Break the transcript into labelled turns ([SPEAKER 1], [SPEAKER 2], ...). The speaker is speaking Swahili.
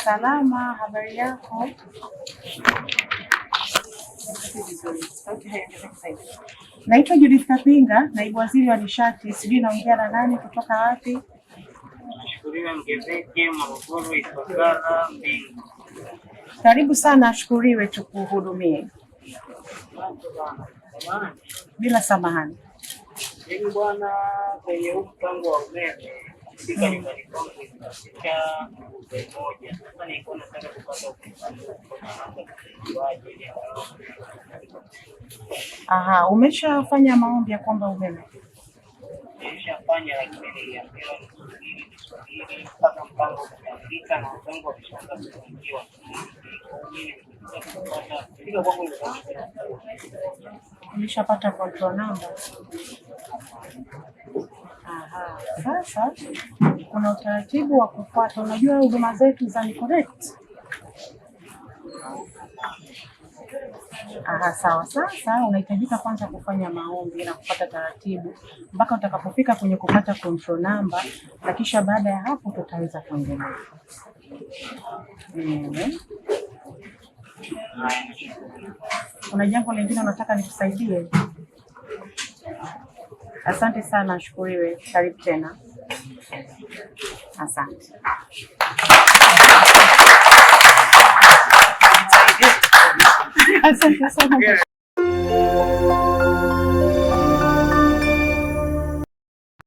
[SPEAKER 1] Salama, habari yako? Naitwa Judith Kapinga, naibu waziri wa nishati. Sijui naongea na nani, kutoka wapi? Karibu sana, ashukuriwe, tukuhudumie bila samahani.
[SPEAKER 2] Bwana, kwenye mpango wa umeme
[SPEAKER 1] Aha, umeshafanya maombi ya kwamba umeme? Umeshapata kwa namba? Sasa kuna utaratibu wa kufuata. Unajua huduma zetu za NiConnect. Aha, sawa. Sasa unahitajika kwanza kufanya maombi na kupata taratibu mpaka utakapofika kwenye kupata control number, na kisha baada ya hapo tutaweza kuendelea. Mm. Kuna jambo lingine unataka nikusaidie? Asante sana, nashukuriwe. Karibu tena, asante. Asante sana.